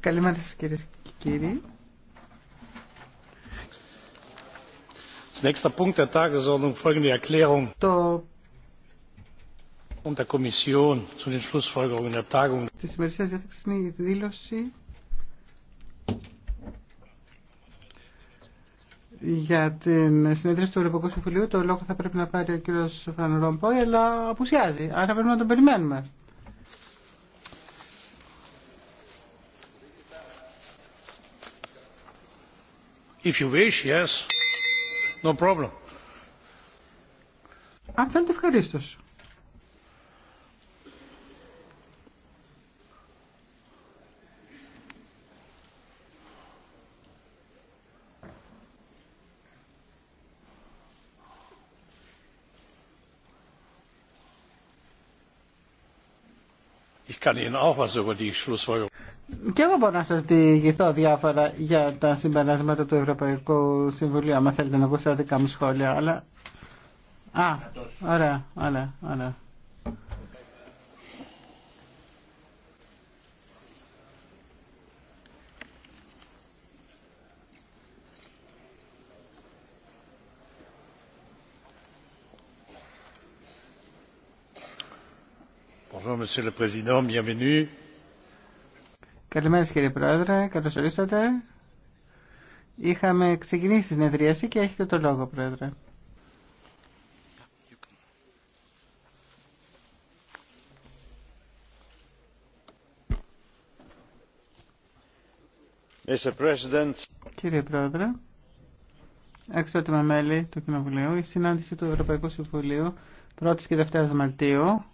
Καλημέρα σα, κύριε και κύριοι. Το Της είναι η δήλωση για την συνεδρίαση του Ευρωπαϊκού Συμφουλίου. Το λόγο θα πρέπει να πάρει ο κύριος Φαν αλλά απουσιάζει. Άρα πρέπει να τον περιμένουμε. If you wish, yes. No problem. Αν θέλετε ευχαρίστω. Ich kann Ihnen auch was über die Schlussfolgerung και εγώ μπορώ να σας διηγηθώ διάφορα για τα συμπεράσματα του Ευρωπαϊκού Συμβουλίου, άμα θέλετε να ακούσετε τα δικά μου σχόλια, αλλά... Α, ωραία, ωραία, ωραία. Bonjour Monsieur le Président, bienvenue. Καλημέρα κύριε Πρόεδρε, καλώς ορίσατε. Είχαμε ξεκινήσει τη συνεδρίαση και έχετε το λόγο, Πρόεδρε. Κύριε Πρόεδρε, εξότιμα μέλη του Κοινοβουλίου, η συνάντηση του Ευρωπαϊκού Συμβουλίου 1η και 2η Μαρτίου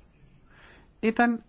ήταν